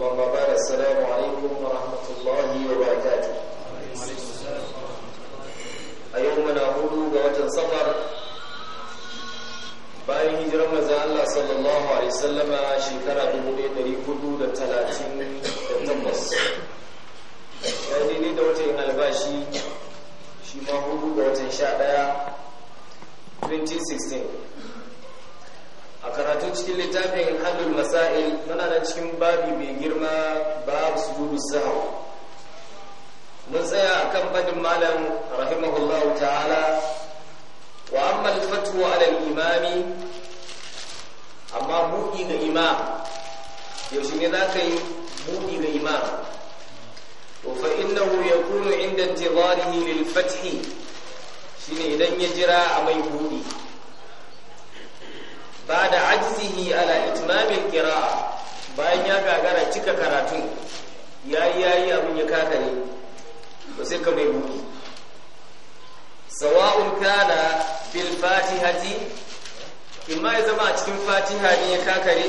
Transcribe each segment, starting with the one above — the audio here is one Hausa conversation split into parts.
أما بعد السلام عليكم ورحمة الله وبركاته ya zama a cikin fatiha ne ya kakare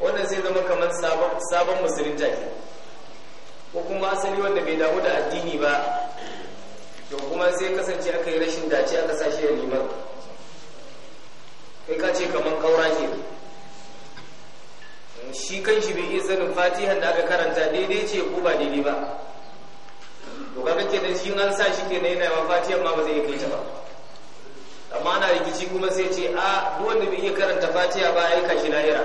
wannan zai zama kamar sabon musulun ke ko kuma asali wanda bai damu da addini ba to kuma sai kasance aka yi rashin dace aka sashi da liman kai ka ce kamar kaura ke shi kan shi bai iya sanin fatihan da aka karanta daidai ce ko ba daidai ba to kake da shi an sa shi kenan yana yawa fatihan ma ba zai kai ta ba amma ana rikici kuma sai ce a wanda bai iya karanta fatiya ba aika shi lahira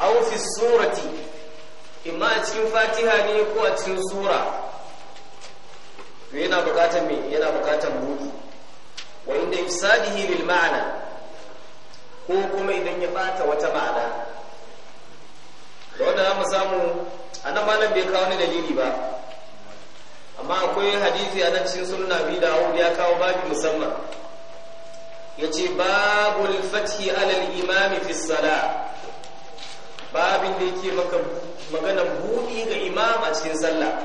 aw fi surati imma a cikin fatiha ne ko a cikin sura to yana bukatar me yana bukatar buɗi wa inda ifsadihi lil ma'ana ko kuma idan ya bata wata ma'ana da wanda za mu samu a nan malam bai kawo ni dalili ba amma akwai hadisi a nan cikin biyu da abu ya kawo babu musamman yace babu fathi alal imami fi salah babin da yake magana buɗi ga imam a cikin sallah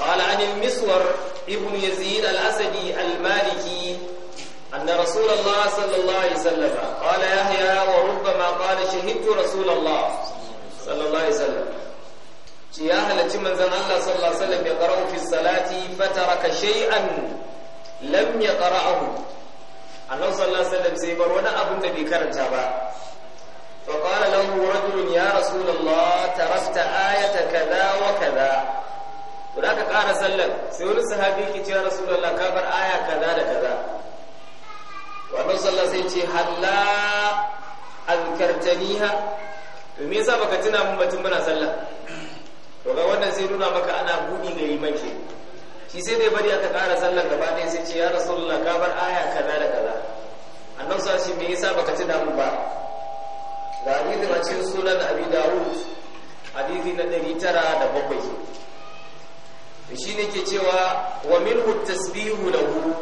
قال عن المسور ابن يزيد الأسدي المالكي أن رسول الله صلى الله عليه وسلم قال يحيى وربما قال شهدت رسول الله صلى الله عليه وسلم ce ya halarci manzan Allah sallallahu alaihi wasallam ya qara'u fi salati fataraka shay'an lam yaqra'ahu Allah sallallahu alaihi wasallam sai bar wani abun da bai karanta ba fa qala lahu rajulun ya rasulullah tarafta ayata kaza wa kaza to da ka ƙara sallar sai wani sahabi ke ce ya rasulullah ka bar aya kaza da kaza wannan sallah sai ce halla azkartaniha to me yasa baka tuna mun batun muna sallah to ga wannan sai nuna maka ana buɗi ga yi ke shi sai dai bari aka ƙara sallar gaba ɗaya sai ce ya rasulullah ka bar aya kaza da kaza annabi sa shi me yasa baka tuna mu ba ga hadisi a cikin sunan abi dawud hadisi na ɗari tara da bakwai shi ne ke cewa wa minhu tasbihu lahu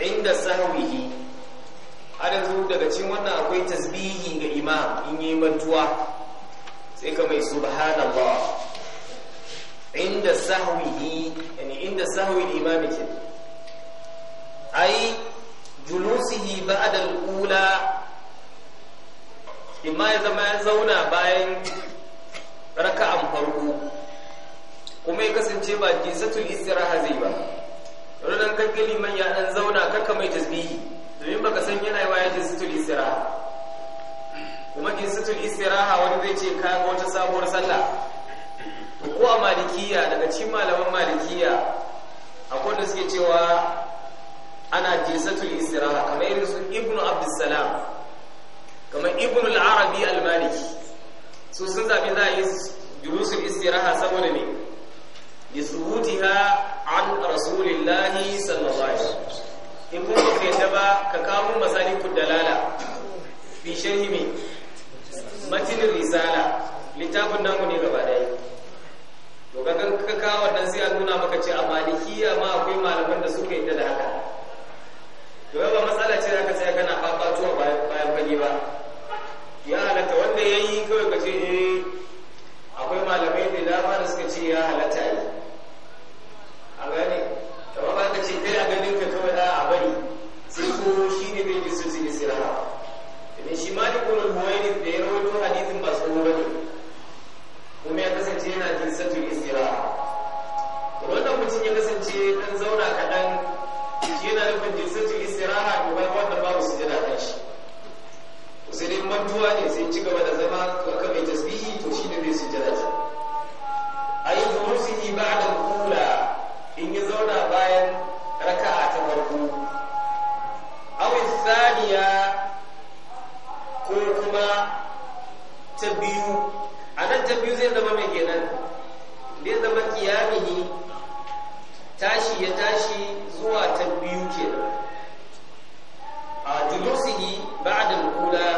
inda sahwihi har yanzu daga cikin wannan akwai tasbihi ga imam in yi mantuwa sai ka mai subhanallah inda sahwihi yani inda sahwi al-imam kin ai julusihi ba'da al-ula imma ya zama ya zauna bayan raka'an farko kuma ya kasance ba jinsatul istiraha zai ba rudan kankali man ya dan zauna ka mai tasbihi domin baka san yana yi waye jinsatul istiraha kuma jinsatul istiraha wani zai ce ka wata sabuwar sallah ko a malikiya daga cikin malaman malikiya akwai da suke cewa ana jisatul istiraha kamar irin su ibnu abdussalam kamar ibnu al al-maliki su sun zabi za a yi julusul istiraha saboda ne lisuhutiha an rasulillahi sallallahu alaihi wasallam in kuma ka yadda ba ka kawo masalikul dalala fi shahimi matinin risala littafin namu ne gaba daya to kan ka kawo wannan sai a nuna maka ce a malikiya ma akwai malaman da suka yi da haka to yaba matsala ce zaka sai kana tuwa bayan fage ba ya halatta wanda ya yi kawai ka ce eh akwai malamai da dama da suka ce ya halatta yi a gani to ba ka ce kai a ganin ka kawai a bari sai ko shi ne bai bisu cikin sirara domin shi malikul huwaini da ya rawaito hadithin masu yana jinsatul istiraha wannan mutum ya kasance dan zauna kaɗan yana nufin jinsatul isira a bai wanda babu jira kan shi sai dai mantuwa ne sai ci gaba da zama to aka mai tasbihi to shi ne mai sujada ce ayi ni ba'da al in ya zauna bayan raka'a ta farko aw thaniya ko kuma ta biyu a nan ta biyu zai zama mai yawma qiyamihi tashi ya tashi zuwa ta biyu kenan a julusihi ba'da al-ula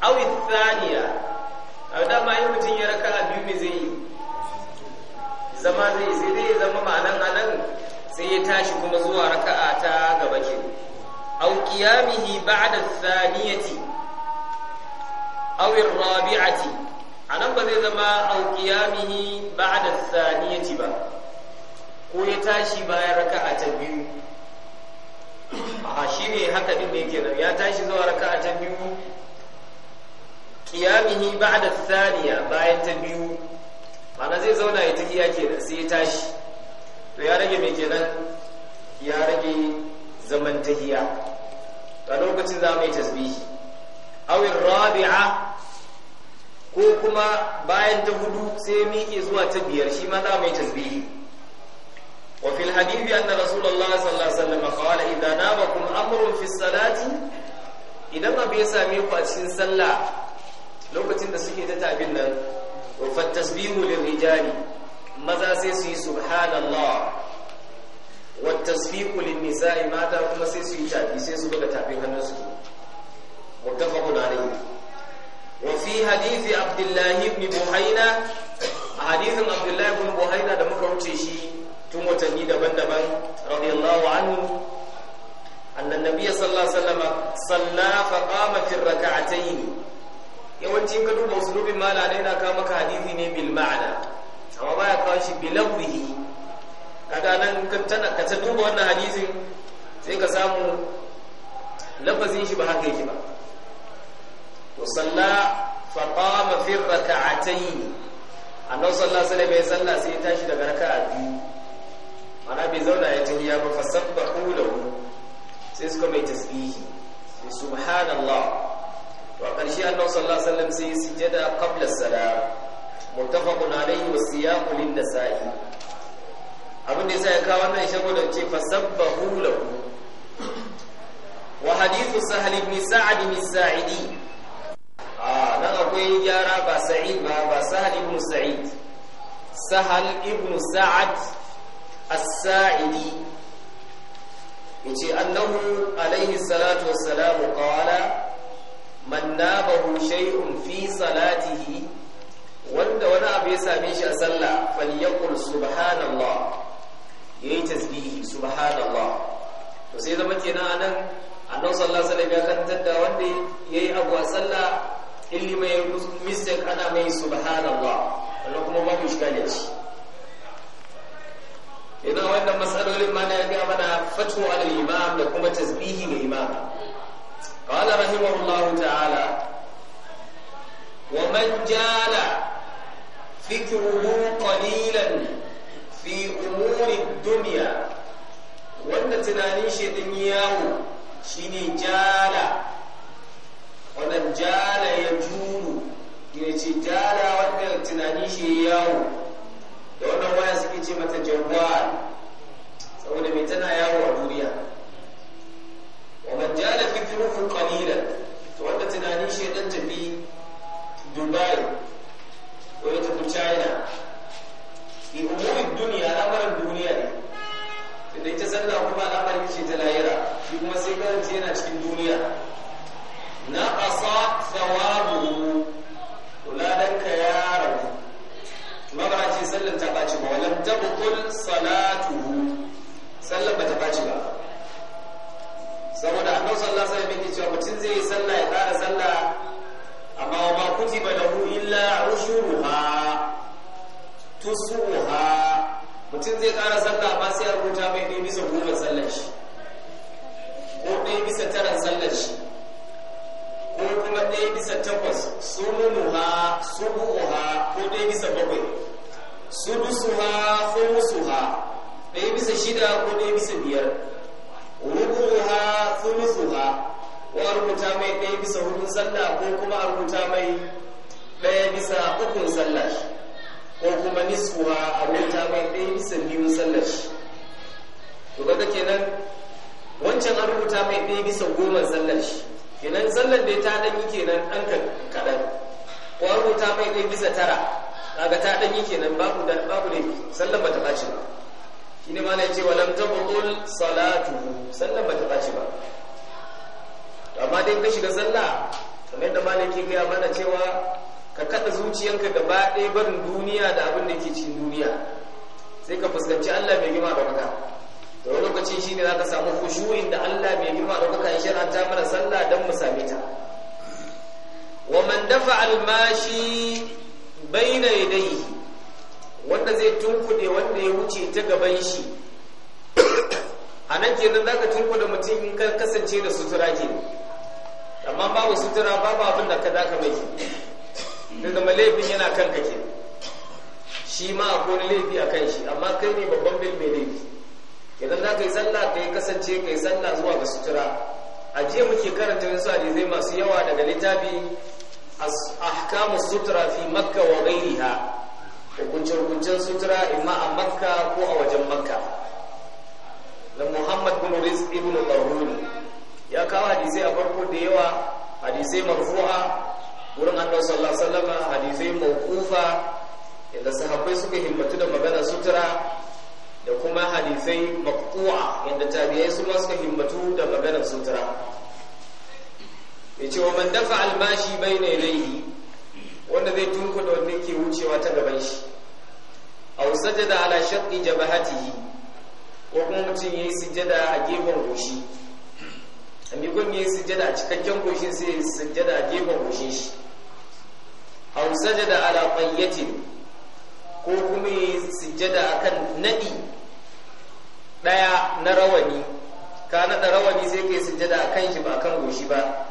aw ath-thaniya a da ma yin mutun ya raka'a biyu ne zai yi zama zai sai zai zama ma'anan anan sai ya tashi kuma zuwa raka'a ta gaba ke aw qiyamihi ba'da ath-thaniyati aw ar-rabi'ati a nan ba zai zama auƙiyamihi ba da saniyati ba ko ya tashi bayan raka'a ta biyu a shi ne haka din da yake nan ya tashi zuwa raka'a ta biyu Kiyamihi ba da saniya bayan ta biyu mana zai zauna ya tafiya da sai ya tashi to ya rage mai kenan ya rage zaman tahiya a lokacin za mu yi tasbihi awin rabi'a ko kuma bayan ta hudu sai miƙe zuwa ta biyar shi ma za mai tasbihi wa fil hadithi anna rasulullahi sallallahu alaihi wasallam qala idza nabakum amrun fi salati idan abu ya same ku a cikin sallah lokacin da suke ta tabin nan wa fat tasbihu lil rijali maza sai su yi subhanallah wa tasbihu lin nisa'i mata kuma sai su yi tafi sai su buga tafin hannunsu muttafaqun alayhi وفي حديث عبد الله بن بحينا حديث عبد الله بن da muka wuce shi tun watanni daban-daban radiyallahu anhu anna nabiyya sallallahu alaihi wasallam salla fa qama fi rak'atayn yawanci ka duba usulubin malana yana kawo maka hadisi ne bil ma'ana amma baya kawo shi bi kaga nan ka ta duba wannan hadisin sai ka samu lafazin shi ba haka yake ba وصلى فقام في الركعتين annabi sallallahu alaihi wasallam ya salla sai ya tashi daga raka'a biyu ana bai zauna ya tahiya ba fa sabbahu lahu sai suka mai tasbihi subhanallah to a ƙarshe annabi sallallahu alaihi wasallam sai sujada qabla salam muttafaqun alaihi wa siyaqu lin nasa'i abin da yasa ya kawo wannan shago da ce fa sabbahu lahu wa hadithu sahl ibn sa'd ibn sa'idi akwai gyara ba sa'id ba ba sahal ibn sa'id sahal ibn sa'ad as-sa'idi yace annahu alayhi salatu wassalamu qala man nabahu shay'un fi salatihi wanda wani abu ya same shi a sallah falyaqul subhanallah yayi tasbihi subhanallah to sai zama kenan anan annabi sallallahu alaihi wasallam ya kantar da wanda yayi abu a sallah illi mai mistake ana mai subhanallah wannan kuma babu shiga ne ci idan wannan matsalolin ma na ya mana fatwa al imam da kuma tasbihi ga imam qala rahimahullahu ta'ala wa man jala fikruhu qalilan fi umuri dunya wanda tunanin shi din yawo shine jala tunani shi yawo da wannan waya suke ce mata jawwal saboda mai tana yawo a duniya wa man jala fikruhu qalilan to wanda tunani shi ya dan tafi Dubai ko ya tafi China fi umuri duniya al'amarin duniya ne tunda ita sallah kuma al'amarin ce ta lahira shi kuma sai karanta yana cikin duniya na ƙasa tsawabu sallan ta ɓaci ba walam tabqul salatuhu sallan ba ta ɓaci ba saboda annabi sallallahu alaihi wasallam yake cewa mutum zai yi sallah ya ƙara sallah amma ba kuti ba lahu illa ushuruha tusuha mutum zai ƙara sallah amma sai a rubuta mai ɗaya bisa goma sallar shi ko ɗaya bisa tara sallar shi ko kuma ɗaya bisa takwas sumunuha subuha ko ɗaya bisa bakwai sudusuha thumsuha ɗaya bisa shida ko ɗaya bisa biyar rubuha thumsuha ko a rubuta mai ɗaya bisa hudun sallah ko kuma a rubuta mai ɗaya bisa ukun sallah ko kuma nisfuha a rubuta mai ɗaya bisa biyun sallah to kaga kenan wancan a rubuta mai ɗaya bisa goma sallar kenan sallar da ta ɗan yi kenan ɗan kaɗan ko an rubuta mai ɗaya bisa tara kaga ta danyi kenan babu da babu ne sallan bata baci ba shine ma ne ce wa lam tabul salatu sallan bata baci ba to amma dai ka shiga sallah kamar da malaki ga mana cewa ka kada zuciyanka gaba ɗaya barin duniya da abin da ke cikin duniya sai ka fuskanci Allah mai girma da maka to wani lokaci shine zaka samu khushu'in da Allah mai girma da maka ya ta mana sallah dan mu same ta wa man dafa al-mashi baina yadai wanda zai tunkuɗe wanda ya wuce ta gaban shi a nan kenan za ka tunkuɗe mutum in ka kasance da sutura ke amma babu sutura babu abin da ka zaka mai Daga zama laifin yana kan ka shi ma a akwai laifi a kan shi amma kai ne babban bil mai laifi idan za ka yi sallah ka yi kasance ka yi sallah zuwa ga sutura a jiya muke karanta wasu hadisai masu yawa daga littafi ahkamu sutura fi makka wa ghairiha hukuncin sutura imma a makka ko a wajen makka da muhammad bin rizq ibn qaruni ya kawo hadisai a farko da yawa hadisai marfu'a wurin annabi sallallahu alaihi wasallam hadisai mawqufa inda sahabbai suka himmatu da magana sutura da kuma hadisai maqtu'a inda tabi'ai su suka himmatu da maganar sutura ya ce wa man dafa almashi bai na ilaihi wanda zai tunku da wanda ke wucewa ta gaban shi a sajada ala shaqqi jabahatihi ko kuma mutum ya yi sujjada a gefen goshi amma ya yi sujjada a cikakken goshin sai yi sujjada a gefen goshin shi aw sajada ala qayyatin ko kuma ya yi sujjada kan nadi daya na rawani ka naɗa rawani sai ka kai sujjada kan shi ba a kan goshi ba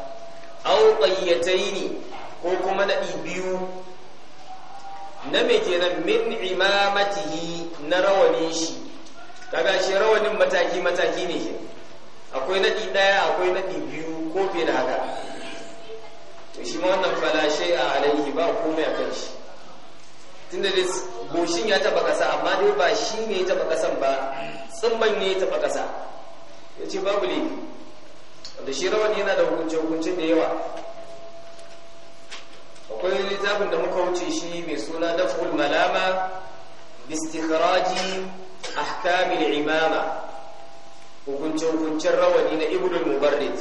au qayyataini ko kuma nadi biyu na me kenan min imamatihi na rawanin shi kaga shi rawanin mataki mataki ne shi akwai nadi daya akwai nadi biyu ko fiye da haka to shi ma wannan falashai a alaihi ba komai a kan shi tunda dai goshin ya taba kasa amma dai ba shi ne ya taba kasan ba tsimman ne ya taba kasa ya ce babu laifi wanda shi rawani yana da hukunce-hukunce da yawa akwai littafin da muka wuce shi mai suna daf'ul malama bistikhraji ahkamil imama hukunce hukuncin rawani na ibnul mubarrid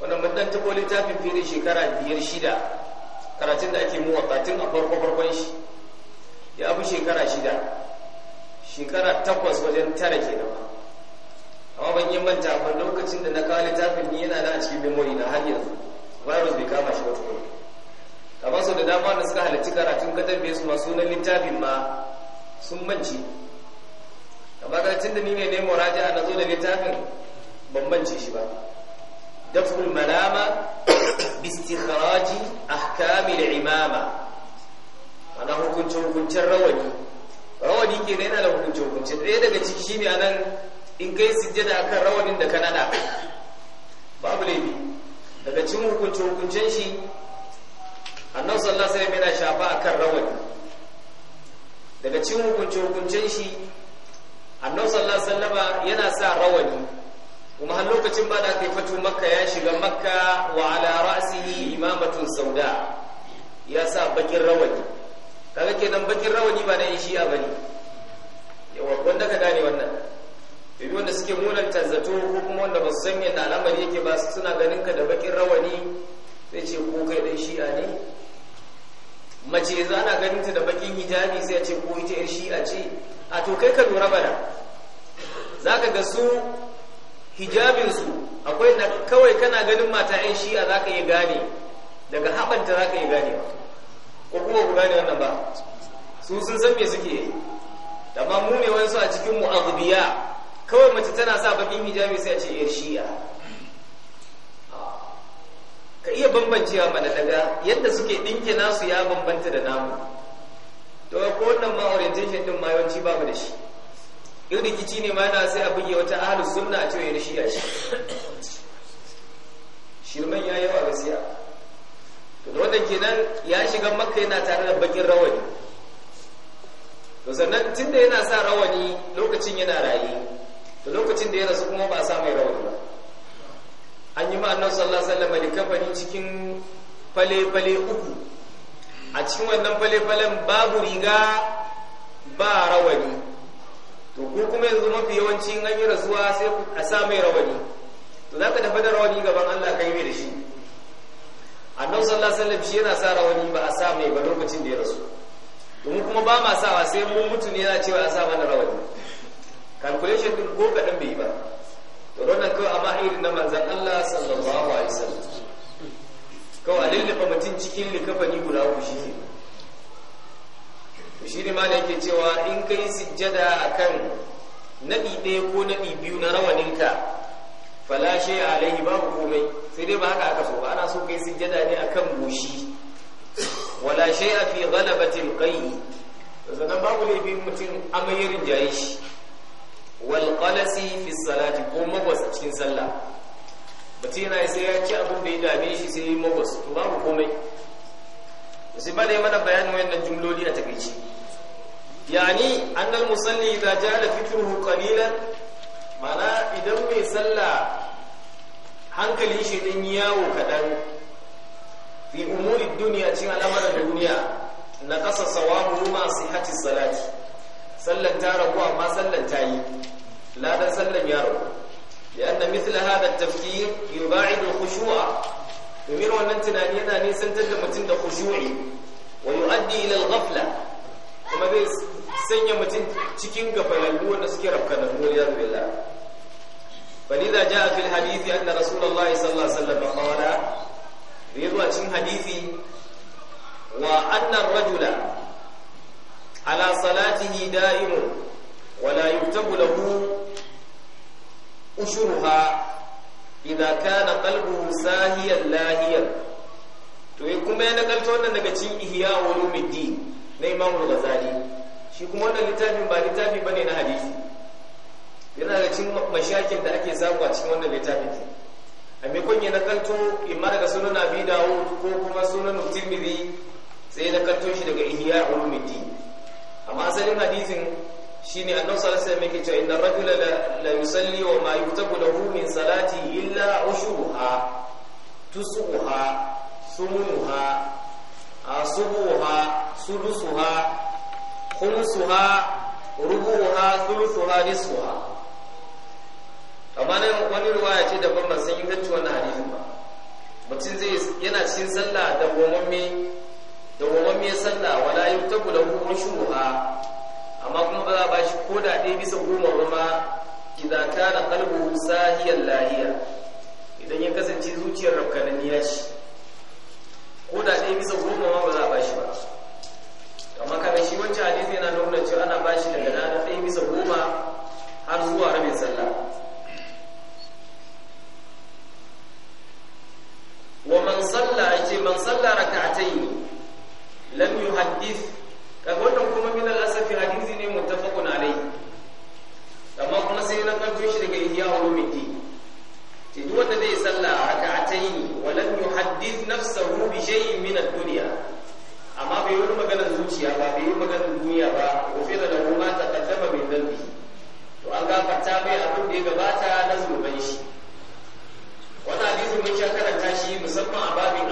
wannan mun dan tabo littafin fiye shekara biyar shida karatun da ake muwatta a farko farkon shi ya abu shekara shida shekara takwas wajen tara kenan amma ban yi manta ba lokacin da na kawo littafin ni yana da a cikin memory na har yanzu virus bai kama shi wata kuma amma sau da dama da suka halarci karatun katar bai su masu na littafin ma sun manci amma tun da ni ne ne raja na zo da littafin ban manci shi ba daful Malama bistikharaji ahkamil imama ana hukuncin hukuncin rawani rawani ke yana da hukuncin hukuncin ɗaya daga ciki shine anan in kai sujjada akan rawanin da ka nada babu laifi daga cin hukunci hukuncen shi annabi sallallahu alaihi wasallam yana shafa akan rawani daga cin hukunci hukuncen shi annabi sallallahu alaihi wasallam yana sa rawani kuma har lokacin ba da aka yi fatu makka ya shiga makka wa ala ra'sihi imamatun sauda ya sa bakin rawani kaga kenan bakin rawani ba na shi a bane yawa wanda ka gane wannan domin wanda suke munanta zato ko kuma wanda ba su san yadda al'amari yake ba su suna ganin ka da bakin rawani sai ce ko kai dan shi'a ne mace yanzu ana ganin ta da bakin hijabi sai ce ko ita yar shi'a ce a to kai ka lura bana Za ka ga su hijabin su akwai na kawai kana ganin mata yan shi'a ka iya gane daga haɓanta ka iya gane ko kuma ku gane wannan ba su sun san me suke amma mu ne wani su a cikin mu'azzibiya kawai mace tana sa bakin hijabi sai a ce yar shi'a ka iya bambancewa mana daga yadda suke ɗinke nasu ya bambanta da namu to ko wannan ma orientation din ma yawanci babu da shi in rikici ne ma yana sai a buge wata ahlus sunna a ce yar shi'a shi shirman ya yawa gaskiya to da wannan kenan ya shiga makka yana tare da bakin rawani to sannan tunda yana sa rawani lokacin yana raye to lokacin da ya rasu kuma ba a sa ya rawani ba an yi ma'anar sallallahu alaihi wasallam da kafani cikin fale-fale uku a cikin wannan fale-falen babu riga ba rawani to ko kuma yanzu mafi yawanci an yi rasuwa sai a sa mai rawani to za ka tafi da rawani gaban Allah ka yi mai da shi annan sallallahu alaihi shi yana sa rawani ba a sa mai ba lokacin da ya rasu domin kuma ba ma sawa sai mun mutu ne yana cewa a sa mana rawani calculation din ko kaɗan bai yi ba to wannan kawai a ma'airin na manzan Allah sallallahu alaihi wasallam kawai a lullufa mutum cikin likafani guda ku shi ne shi ne ma da yake cewa in kai sujjada a kan ɗaya ko nadi biyu na rawaninka falashe a alaihi babu komai sai dai ba haka aka so ba ana so kai yi sujjada ne a kan goshi wala shay'a fi ghalabatil qayyi zanan babu laifin mutum amayirin jayi shi Walƙalasi fi salati ko magwas cikin sallah mutum yana sai ya ci abin da ya dame shi sai magwas to mu komai sai ba da yi mana bayanin wannan jumloli a takaici yani annal musalli idza jala fikruhu qalilan mana idan mai sallah hankali shi din yawo kadan fi umuri duniya cin al'amuran duniya na kasa sawabu ma sihhati salati sallan ta rabu amma sallan ta yi ladan sallan ya rabu lianna mithla hada at-tafkir yuba'id al-khushu'a wannan tunani yana nisantar da mutum da khushu'i wa yu'addi ila al-ghafla kuma zai sanya mutum cikin gafalallu da. suke rafkanan waliya billah فلذا جاء في الحديث أن رسول الله صلى الله عليه وسلم قال يروى في وأن الرجل على صلاته دائم ولا يكتب له ushuruha إذا كان قلبه ساهيا لاهيا to kuma ya nakalta wannan daga cikin ihya ulumuddin na Imam Ghazali shi kuma wannan littafin ba littafi bane na hadisi yana daga cin mashakin da ake samu a cikin wannan littafin a maimakon ya nakalto imma daga sunan Abi dawo ko kuma sunan Tirmidhi sai ya nakalto shi daga ihya ulumuddin amma asalin hadisin shi ne sallallahu salasa wasallam yake cewa inda rajula la yusalli wa ma ku lahu min salati illa ushuha tusuha sumuha asubuha sudusuha khumsuha rubuha thuluthuha nisfuha amma ne wani ruwaya ce daban ban san inganci wannan hadisin ba mutum zai yana cikin sallah da gomamme da gomamme sallah wala yuktabu lahu ushuha amma kuma ba za ba shi ko da ɗaya bisa goma ba ma idan na kalbu sahiyar lahiya idan ya kasance zuciyar ya shi ko da ɗaya bisa goma ba za ba shi ba amma kaga shi wancan hadisi yana nuna cewa ana ba shi daga ranar ɗaya bisa goma har zuwa rabin sallah wa man sallah ake man sallah raka'atayn lam yuhaddith daga wannan kuma min al hadisi ne muttafaqun alayhi amma kuma sai na kanto shi daga ihya ulumuddin ce duk wanda zai salla raka'ataini wa lam yuhaddith nafsahu bi shay'in min ad-dunya amma bai yi maganar zuciya ba bai yi maganar duniya ba wa fi da lahu ma taqaddama min dhanbi to an ga kata bai abin da ya gabata na zuban shi wannan hadisi mun sha karanta shi musamman a babin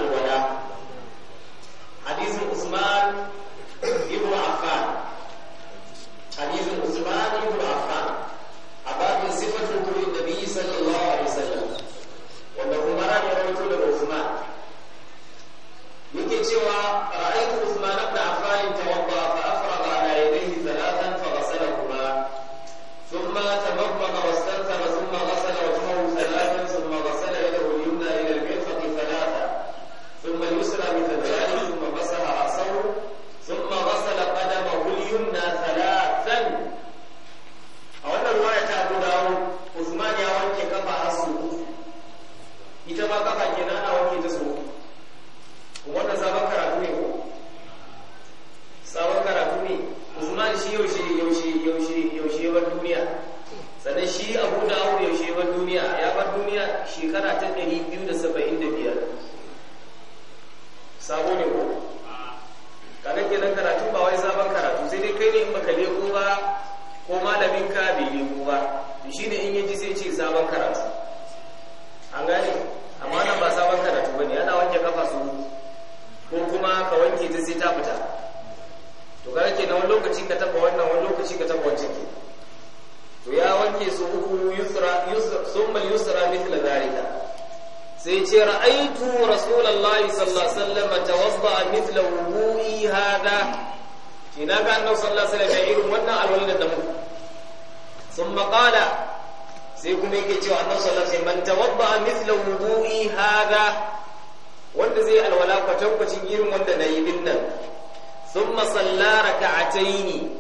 ne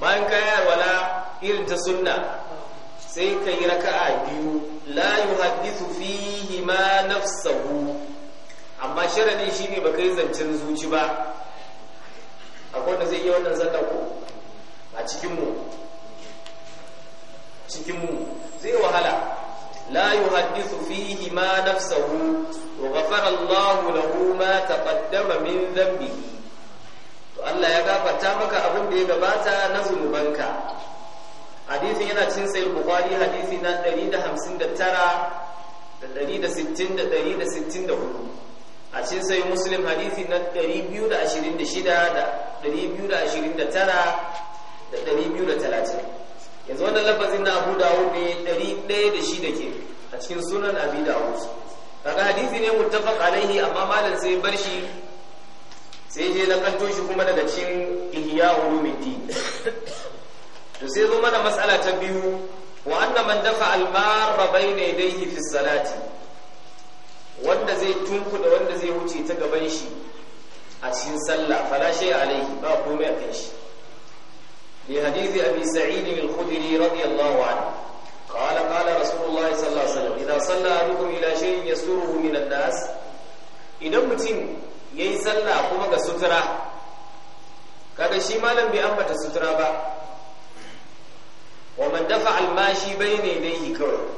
bayan ka yi alwala irin ta sunna sai ka yi raka'a biyu layu yuhaddithu fihi ma nafsahu amma sharadin shine baka yi zancen zuci ba akwai wanda zai yi wannan sallah ko a cikin mu cikin mu zai wahala la yuhaddithu fihi ma nafsahu wa ghafara Allahu lahu ma taqaddama min dhanbihi to Allah ya gafarta maka abin da ya gabata na zunubanka hadisin yana cin sai bukwari hadisi na 159 da da 164 a cin sai muslim hadisi na 226 da 229 da 230 yanzu wannan lafazin na abu dawo ne 106 ke a cikin sunan abi dawo kaga hadisi ne muttafaq alaihi amma malam sai bar shi sai je na kanto shi kuma daga cikin ihya ulumuddin to sai zo mana matsala ta biyu wa anna man dafa al-marra bayna yadayhi fi salati wanda zai da wanda zai wuce ta gaban shi a cikin sallah fala shay alaihi ba komai a kan shi li hadithi abi sa'id al-khudri radiyallahu anhu qala qala rasulullah sallallahu alaihi wasallam idza salla ahadukum ila shay'in yasuruhu min an-nas idan mutum ya yi sallah kuma ga sutura kada shi malam bai ambata sutura ba wa man dafa almashi bai ne dai kawai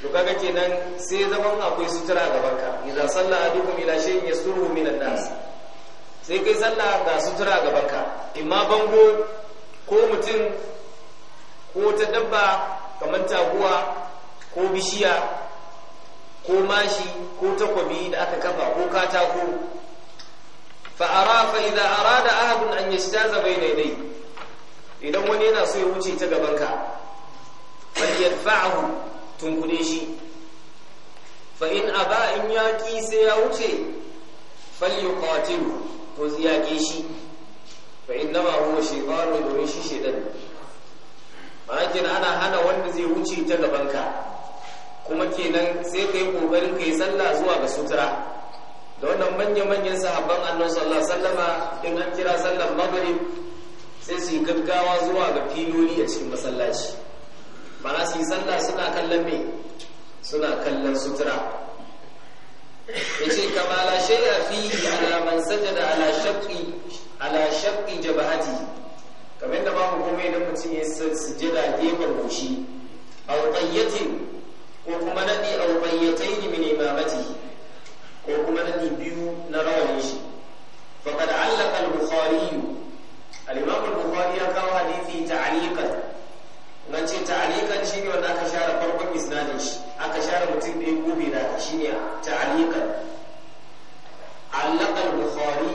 to kaga kenan sai zaman akwai sutura gaban ka idan sallah adukum ila shay'in yasuru min nas sai kai sallah ga sutura gaban ka imma bango ko mutum ko ta dabba kamar taguwa ko bishiya ko mashi ko takwabi da aka kafa ko katako fa'ara fa idza arada ahad an yastaza bayna yadayhi idan wani yana so ya wuce ta gaban ka falyadfa'hu tunkude shi fa in aba in ki sai ya wuce ko to yaqi shi fa innama huwa shaytanu domin shaytan ma'akin ana hana wanda zai wuce ta gaban ka kuma kenan sai ka yi ƙoƙarin sallah zuwa ga sutura da wannan manya-manyan sahabban annon sallah sallama in an kira sallar maghrib sai su yi gaggawa zuwa ga filoli a cikin masallaci mana su yi sallah suna kallon me suna kallon sutura ya ce kamala shaida fi alaman sajada ala shaƙi ala shaƙi jabahati kamar da babu kuma idan mutum ya sujada gefen goshi a ƙayyatin ko kuma nadi aw bayyatayn min imamatihi ko kuma nadi biyu na rawanin shi faqad allaqa al-bukhari al-imam al-bukhari ya kawo ta ta'liqan nan ce ta'liqan shine wanda aka share farkon isnadin shi aka share mutum ɗaya gobe da shine ta'liqan allaqa al-bukhari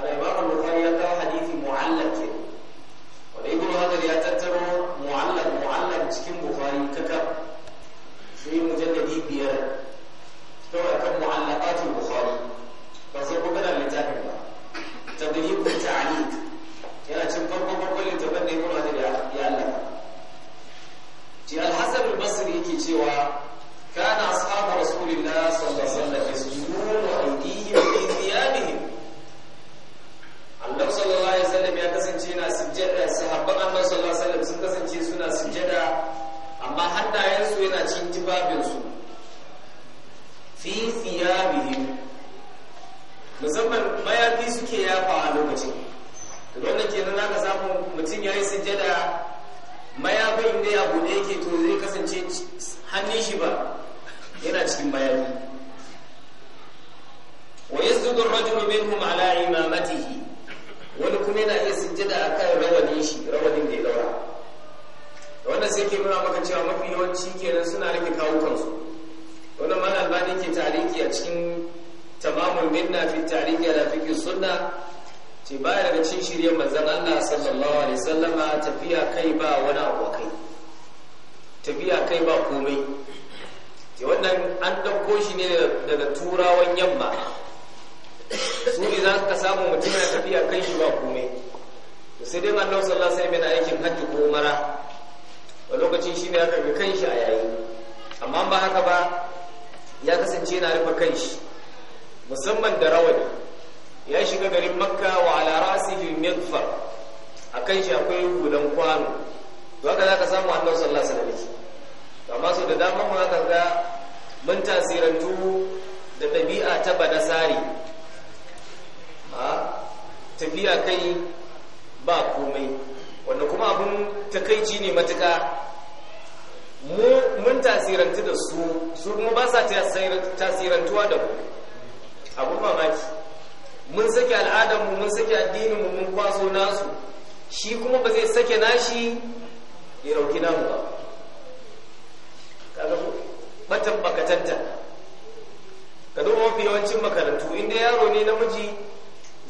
al-imam al-bukhari ya kawo hadisi mu'allaq wanda ibnu hajar ya tattaro mu'allaq mu'allaq cikin bukhari kakab cikin farko farkon littafin da ibn hajar ya allaka ji al-hasan al-basri yake cewa kana ashabu rasulillah sallallahu alaihi wasallam yasjudun wa aydihim fi thiyabihim Allah sallallahu alaihi wasallam ya kasance yana sujjada sahabban Allah sallallahu alaihi wasallam sun kasance suna sujjada amma hannayensu yana cikin tibabinsu fi thiyabihim musamman mayafi suke yafa a lokacin wannan kenan ka samu mutum ya yi sujjada mayafin da ya bude yake to zai kasance hannun shi ba yana cikin mayafi wa yasjudu ar-rajulu minhum ala imamatihi wani kuma yana iya sujjada a kan rawanin shi rawanin da ya daura wannan sai ke nuna maka cewa mafi yawanci kenan suna rike kansu. wannan mana albani ke tariki a cikin tamamun minna fi tariki ala fiqh sunna ce ba daga cin shirye manzan Allah sallallahu alaihi sallama tafiya kai ba wani abokai tafiya kai ba komai ce wannan an ɗauko shi ne daga turawan yamma su ne za ka samu mutum na tafiya kai shi ba komai to sai dai Allah sallallahu alaihi wasallam yana aikin hajji ko mara a lokacin shi ne ya karbi kan shi a yayi amma ba haka ba ya kasance yana rufe kan shi musamman da rawani ya shiga garin makka wa ala rasihi A kan shi akwai gudan kwano to haka ka samu annabi sallallahu alaihi wasallam amma su da dama ma ka ga mun tasirantu da ɗabi'a ta badasari a tafiya kai ba komai wanda kuma abun takaici ne matuka mun tasirantu da su su kuma ba sa tasirantuwa da ku abun mamaki mun sake al'adarmu mun sake addininmu mun kwaso nasu shi kuma ba zai sake nashi ya rauki namu ba kaga batan bakatanta ka duba mafi yawancin makarantu inda yaro ne namiji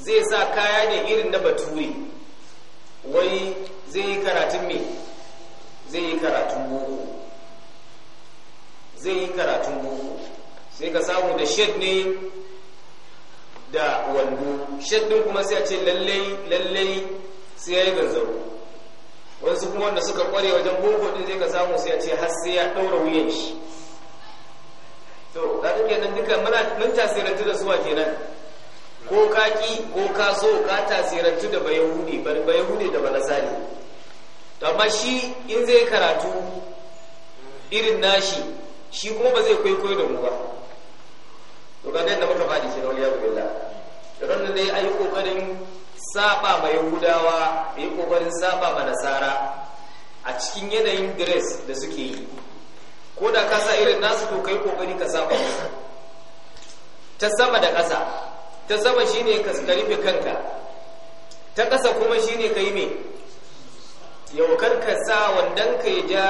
zai sa kaya ne irin na bature wai zai yi karatun me zai yi karatun boko zai yi karatun boko sai ka samu da shed ne da wando shaddin kuma sai a ce lallai lallai sai ya yi zanzaro wasu kuma wanda suka kware wajen boko din zai ka samu sai a ce har sai ya ɗaura wuyan shi to za take nan duka Muna mun tasirantu da suwa kenan ko kaki ko kaso so ka tasirantu da bayahudi bayahudi da banasari to amma shi in zai karatu irin nashi shi kuma ba zai kwaikwayo da mu ba to ga yadda muka faɗi shi wani waliya billah da ran dai yi kokarin saba ma yahudawa ayi kokarin saba ma nasara a cikin yanayin dress da suke yi ko da kasa irin nasu to kai kokari ka saba musu ta sama da ƙasa ta sama shine ka rufe kanka ta ƙasa kuma shine yi me yau ka sa wanda ka ya ja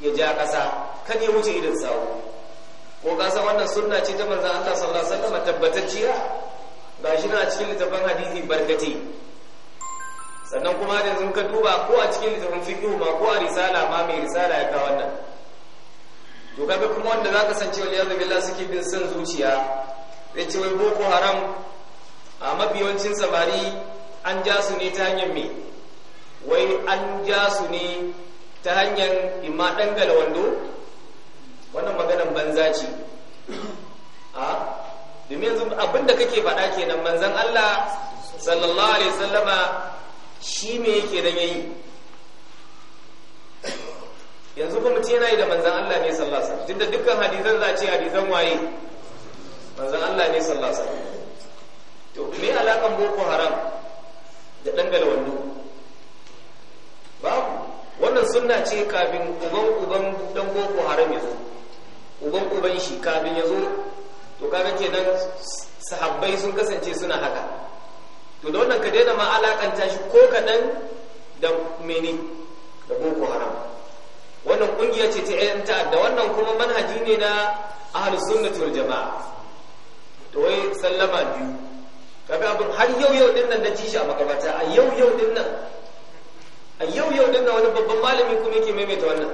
ya ja ƙasa kan ya wuce irin sawo ko ka san wannan sunna ce ta manzan Allah sallallahu alaihi wasallam tabbatacciya shi na cikin littafin hadisi barkati sannan kuma da zan ka duba ko a cikin littafin fiqh ma ko a risala ma mai risala ya ka wannan to kaga kuma wanda zaka san cewa liyazu billah suke bin san zuciya sai ce wai boko haram a mabiyancin samari an ja su ne ta hanyar me wai an ja su ne ta hanyar imma dangala wando wannan maganan banza ce a domin yanzu abinda kake faɗa kenan manzan Allah sallallahu alaihi wasallama shi me yake dan yayi yanzu kuma mutum yana yi da manzan Allah ne sallallahu alaihi wasallam tunda dukkan hadisan za a ce hadisan waye manzan Allah ne sallallahu alaihi wasallam to me alakan boko haram da ɗan wando babu wannan sunna ce kafin uban uban dan boko haram ya zo uban uban shi kafin ya zo to kaga nan sahabbai sun kasance suna haka to da wannan ka daina ma alakanta shi ko ka dan da mene da boko haram wannan ƙungiya ce ta 'yan ta'adda wannan kuma manhaji ne na ahlus sunnati wal jama'a to wai sallama biyu kaga abin har yau yau din nan da ji shi a makabata a yau yau din nan a yau yau din nan wani babban malami kuma yake maimaita wannan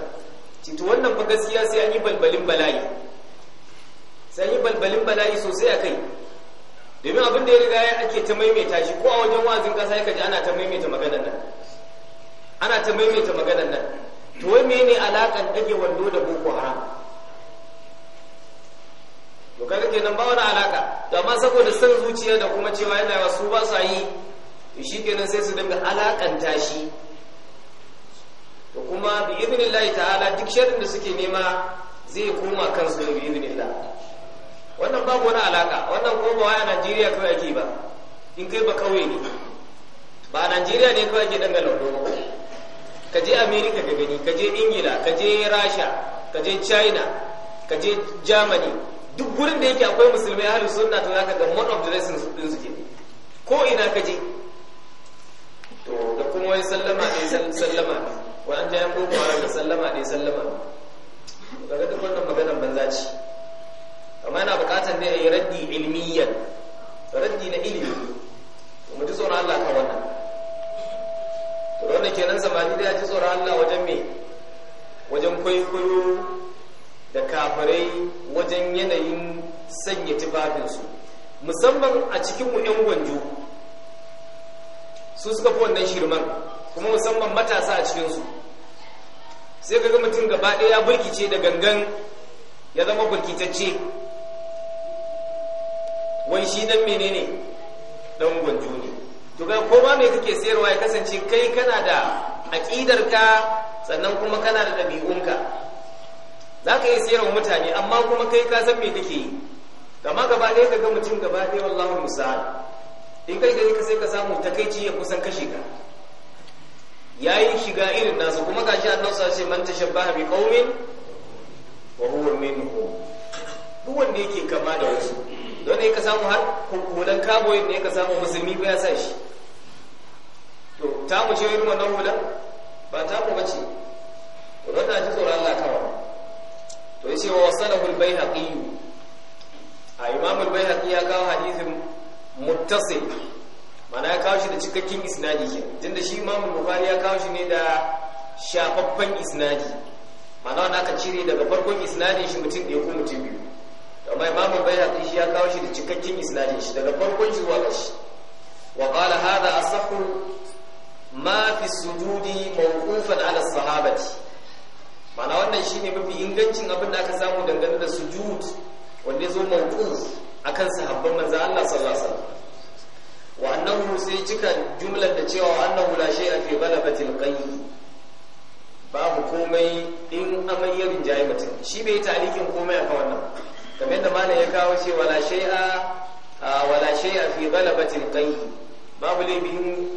Cito, wannan fa gaskiya sai an yi balbalin bala'i sai an yi balbalin bala'i sosai a kai domin abin da ya riga ya ake ta maimaita shi ko a wajen wazin kasa ya kaji ana ta maimaita maganar nan ana ta maimaita maganar nan to wai mene alakan dage wando da boko haram to kaga kenan ba wani alaka to amma saboda san zuciya da kuma cewa yana wasu ba su yi to shi kenan sai su dinga alaƙanta shi to kuma bi idnillahi ta'ala duk sharrin da suke nema zai koma kansu bi idnillah wannan babu wani alaka wannan ko ba a Najeriya kawai ake ba in kai ba kauye ne ba Najeriya ne kawai ake dangana ba ka je America ka gani ka je Ingila ka je Russia ka je China ka je Germany duk gurin da yake akwai musulmai ahli sunna to zaka ga one of the lessons din ke. ko ina ka je to da kuma wai sallama ne sallama ne an jayan boko haram da sallama ne sallama daga duk wannan maganar banza ce amma yana bukatar ne a yi raddi ilmiyyar raddi na ilimi kuma mu ji tsoron Allah kan wannan to wannan kenan samani da ya ji tsoron Allah wajen me wajen kwaikwayo da kafirai wajen yanayin sanya tufafinsu musamman a cikin mu 'yan gwanjo su suka fi wannan shirman kuma musamman matasa a cikinsu sai ga mutum gaba ɗaya ya burkice da gangan ya zama burkitacce Wai shi dan menene dan gwanjo ne to ga koma mai kake sayarwa ya kasance kai kana da ka sannan kuma kana da ɗabi'unka za ka iya sayarwa mutane amma kuma kai ka san me kake yi Gama gaba ɗaya ka ga mutum gaba ɗaya wallahu musa in kai gari ka sai ka samu takaici ya kusan kashe ka Ya yi shiga irin nasu kuma gashi annabi sallallahu alaihi wasallam man tashabbaha bi qaumin wa huwa minhum duk wanda yake kama da wasu don ne ka samu har kokolan cowboy ne ka samu musulmi ba ya sa shi to ta mu ce irin wannan hudan ba ta mu bace to don ta ji tsoron Allah kawai to yace wa wasalahu al-baihaqi a imam al-baihaqi ya kawo hadithin muttasil mana ya kawo shi da cikakken isnadi ke da shi imamu bukhari ya kawo shi ne da shafaffen isnadi mana wani aka cire daga farkon isnadin shi mutum ɗaya ko mutum biyu amma imamu bai haɗin shi ya kawo shi da cikakken isnadin shi daga farkon shi zuwa ƙarshe wa qala hadha asahhu ma fi sududi mawqufan ala sahabati mana wannan shine mafi ingancin abin da aka samu dangane da sujud wanda ya zo mawquf akan sahabban manzo Allah sallallahu alaihi wasallam wa annahu sai cika jumlar da cewa annahu la shay'a fi ghalabatil qayyi babu komai in amai ya rinjaye mutum shi bai yi talikin komai a wannan kamar yadda mana ya kawo ce wala shay'a wala shay'a fi ghalabatil qayyi babu laifin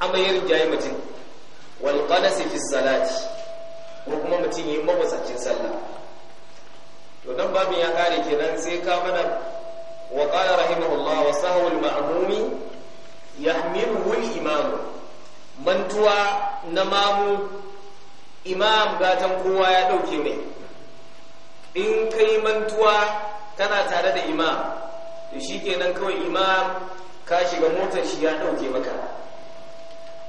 amai ya rinjaye mutum wal qanas fi salati ko kuma mutum yi mabusacin sallah to nan babin ya kare kenan sai ka mana وقال رحمه الله وسهو المعموم يحمله الامام منتوا نمامو امام غاتن كوا يا دوكي مي ان كاي منتوا كانا تاره دا امام to shikenan kawai imam ka shiga motar shi ya dauke maka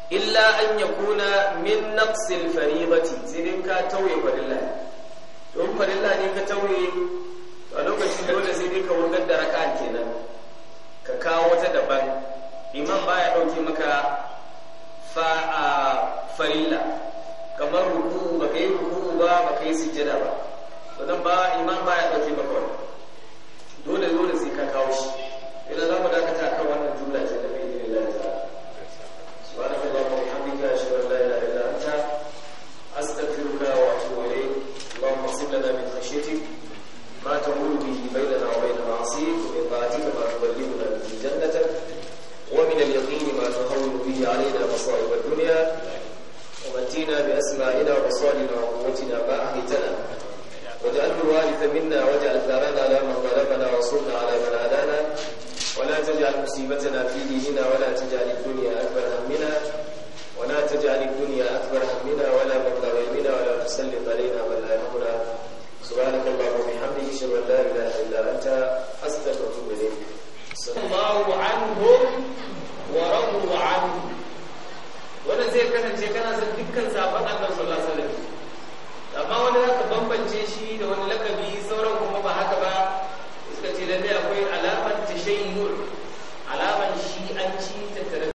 Ila an yakuna min naqsil faribati sai dai ka tauye farilla to farilla ne ka tauye a lokacin dole sai dai ka wurgar da raka'a kenan ka kawo wata daban imam baya dauke maka farilla kamar ruku ba ka yi ruku ba ba ka yi sujjada ba sannan ba imam ba